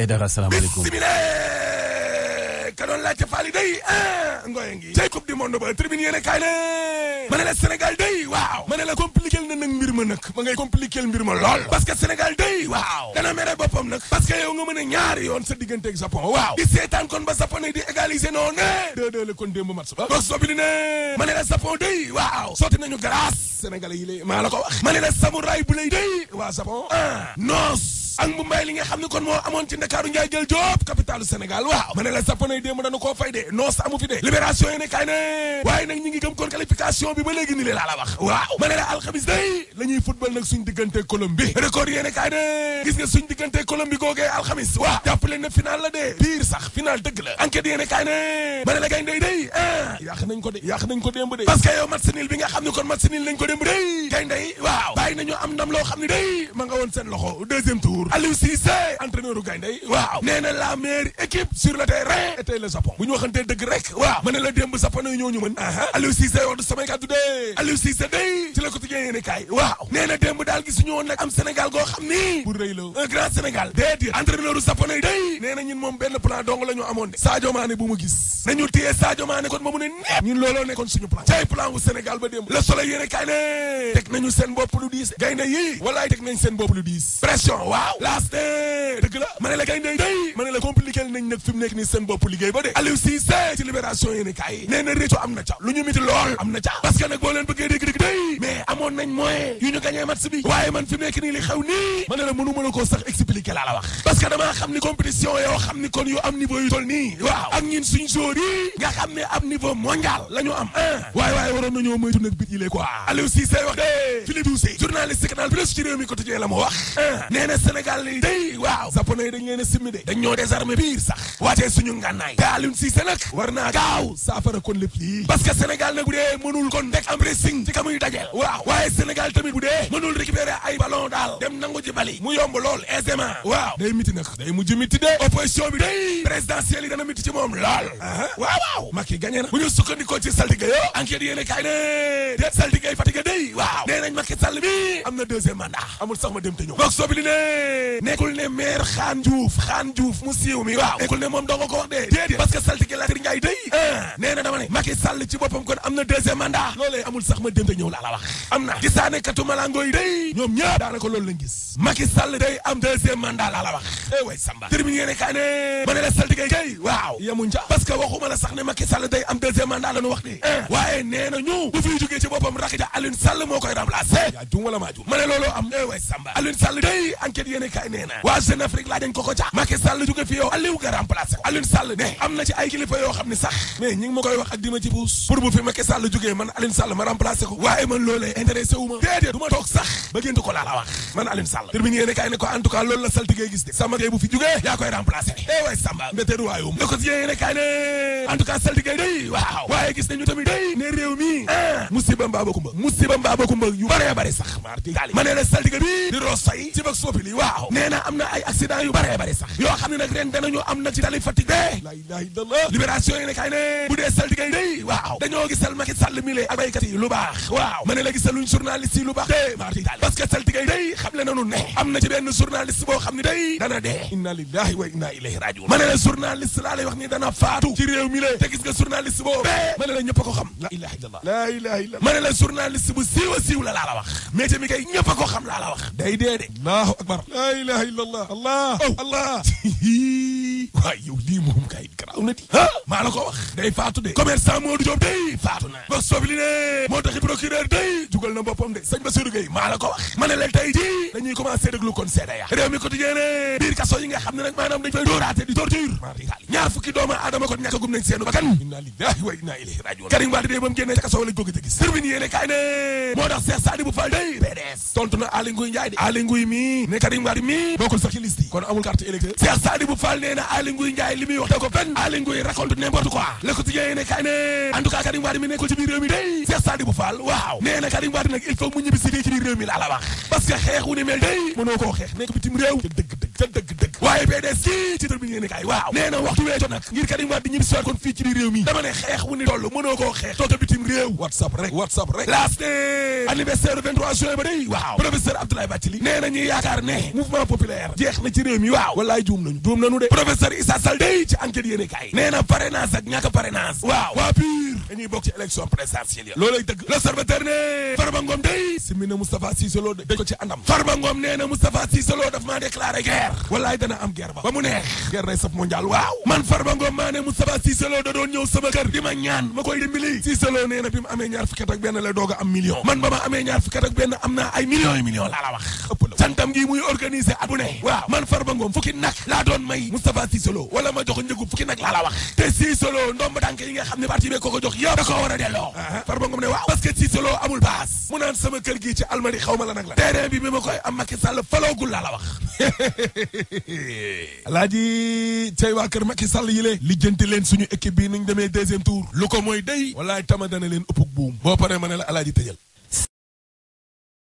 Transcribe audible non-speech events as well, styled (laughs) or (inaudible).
Aidara asalaamaaleykum ka doon laajte faali day a ah, ngooye ngi cay coupe du monde ba tribune yéen a kaay ne ma Sénégal day waaw ma ne la compliqué na mbir ma nag ma ngay compliqué mbir ma lool parce que Sénégal day waaw dana mere boppam nag parce que yow nga mën a yoon sa diggante ak Japon waaw di seetaan kon ba Japon di égaliser noonu ne eh. deux deux la kon démb match ba box bi ne ma Japon day waaw sotti nañu grâce Sénégalais yi lay maa la ko wax ma day waa Japon ah. noos ak bu mbay nga xam ne kon moo amoon ci ndakaaru njaay jël joob capitalu Sénégal waaw ma ne la saponay démb fay de noos amu fi de libération yi ne waaye nag ñi ngi gëm kon qualification bi ba léegi ni le laa la wax waaw ma ne la alxamis day la ñuy football nag suñ diggante Colombie record yéene kay gis nga suñ diggante Colombie googee alxamis waaw jàppale na final la de biir sax final dëgg la enquête yéene kay ne ma day day ah yàq ko de yàq nañ ko démb de parce que yow nga xam ne kon match nul lañ ko démb day gañ day waaw bàyyi loo xam ne day ma nga woon seen loxo deuxième tour Ndour Aliou Cissé entraîneur u gaynde waaw nee na la meilleure équipe sur le terrain était le Japon bu ñu waxantee dëgg rek waaw ma ne la démb Japon yi ñoo ñu mën aa Aliou Cissé wax du samay kàddu dee Aliou Cissé day ci la quotidien yéene kaay waaw nee na démb daal gisuñu woon nag am Sénégal goo xam ni bu rëy la un grand Sénégal déedéet entraîneur u Japon yi day nee na moom benn plan dong la ñu amoon de Sadio Mané bu mu gis nañu téye Sadio Mané kon ma mu ne nepp ñun looloo nekkoon suñu plan cay ba démb le soleil yéene seen bopp lu diis gaynde yi walaay teg nañ seen bopp lu diis pression waaw Last day. ma ne day ma ne nañ nag fi mu nekk nii seen bopp liggéey ba de Aliou Cissé ci libération yéene kaay nee na am na ca lu ñu miti lool am na ca parce que boo leen bëggee dégg-dégg day mais amoon nañ moyen yu ñu gañee match bi waaye man fi mu nekk nii li xew nii ma ne mënu koo sax expliqué laa wax parce que xam ni compétition yoo xam ni kon yu am niveau yu toll nii waaw ak ñun suñ joueurs yi nga xam ne am niveau dañ leen a dañ ñoo sax suñu Cissé war gaaw kon lépp parce que Sénégal mënul kon am pressing ci kamuy waaw Sénégal tamit mënul récupérer ay ballon dem nangu bali mu yomb lool aisément waaw day miti day mujj miti de opposition bi day yi dana miti ci lool waaw waaw gagné na bu ñu ci yo enquête ne fatigué waaw nañ Sall bi deuxième mandat amul sax ma dem te li ne ne maire xaan Diouf xaan Diouf mu siiw mi waaw école ne moom doonga ko wax dee déedéet parce saltige Latir Njaay day ah. nee na dama Sall ci boppam kon am na deuxième mandat loolee amul sax ma dem ñëw la la wax am na gisaane katu day ñoom ñëpp daanaka loolu lañ eh ne ma ne Sall day am deuxième mandat la ñu wax de ah. eh. waaye nee ñu bu fiy ci boppam rakk ja Alioune Sall moo koy remplacer yaa jum wala maa am eh Samba Alioune Sall day enquête yéene kaay nee waa Jeune Afrique nañ ko ko ca Macky Sall jóge fi yow Aliou nga remplacé ko Aliou am na ci ay kilifa yoo xam ne sax mais ñi ma koy wax ak di ma ci buus pour bu fi Macky Sall jógee man Aliou Sall ma remplacé waaye man loolee intéressé wu ma déedéet du ma toog sax ba géntu ko laa wax man Aliou Sall termine yéene kaay ne ko en tout cas loolu la saltigee gis de sama kay bu fi jógee yaa koy remplacé eh waay Samba mbéteeruwaayum le quotidien yéene kaay ne en tout cas saltigee day waaw waaye mbaabakumba musiba bu dee saltige yi waaw dañoo gisal Macky Sall mi lee ak waaw ma gisal luñ journaliste yi lu baax de marti daali xam le nanu ne am na ci benn journaliste boo xam ne day dana dee inna lillahi wa inna a rajiun ma ne la journaliste laa lay ni dana faatu ci réew te gis nga journaliste boobu ma ne la ñëpp xam la ilaha illallah loolee journaliste bu siiw a siiw la laa la wax métier mi kay ñëpp a ko xam laa la wax day dee de allahu akbar la ilaha illa allah oh. allah allah (laughs) waay yow lii moom ummati ah maa la ko wax day faatu de commerçant Modou Diop day faatu na bos sobi li ne moo taxi procureur day jugal na boppam de sëñ Bassirou Gueye maa la ko wax ma ne leen tey jii dañuy commencé déglu kon seede ya réew mi quotidien ne biir kaso yi nga xam ne nag maanaam dañ fay dóoraate di torture maritali ñaar fukki doomu aadama kon ñàkkagum nañ seenu bakkan inna lillahi wa inna ilayhi rajiun Karim Wade dee ba mu génnee ca kaso lañ ko gëj a gis turbine yéene kaay ne moo tax Cheikh Sadibou Fall day PDS tontu na Aly Ngouille Ndiaye de Aly Ngouille mii ne Karim Wade mii bokkul sax ci liste yi kon amul carte électeur Cheikh Sadibou Fall nee na Aly Ngouille Ndiaye li muy wax da ko fen Aly Ngouille raconte n'importe quoi le quotidien ne kay ne en tout cas Karim Wade mi nekkul ci biir réew mi day Cheikh Sadibou Fall waaw nee na Karim Wade nag il faut mu ñibbi fii ci biir réew mi la la wax parce que xeex wu ni mel day mënoo koo xeex nekk bitim réew ca dëgg-dëgg waaye PDS ci titre bi yéene kaay waaw nee waxtu ngir kon ci réew mi dama ne wu ni toll bitim réew whatsapp rek whatsapp rek anniversaire 23 juin ba day waaw professeur Abdoulaye na ñuy ne mouvement populaire jeex na ci réew mi waaw nañu nañu de professeur Issa day ci enquête ak waaw dañuy bokk ci élection présidentielle loolay dëgg l'observateur ne Farba Ngom day simi na Moustapha Cissé Lo dañ ko ci andam Farba ba ba mu neex guerre man Farba Ngom maa ne Moustapha Cissé Lo da doon ñëw sama di ma ñaan ma koy dimbali Cissé Lo bi mu amee ñaar fukki at la doog a am million man ba ma amee ñaar fukki at am naa ay millions laa la wax ëpp la santam gi muy organiser at ne waaw man Farba Ngom fukki nag laa doon may Moustapha Cissé Lo ma jox njëgu fukki nag laa la wax te Cissé Cissé Lo ndomb tànk yi nga xam ne parti bi ko ko jox yëpp da koo war a delloo uh-huh. Farba Ngom ne waaw parce que Cissé Lo amul baas mu naan sama kër gii ci almari xaw ma la nag la terrain bi bi ma koy am Macky Sall faloogul laa la wax (laughs) alaaji tey waa kër Macky Sall yi lee lijjanti leen suñu équipe bi nuñ demee deuxième tour lu ko mooy day walaay tama dana leen ëpp buum boo paree ma ne la alaaji tëjal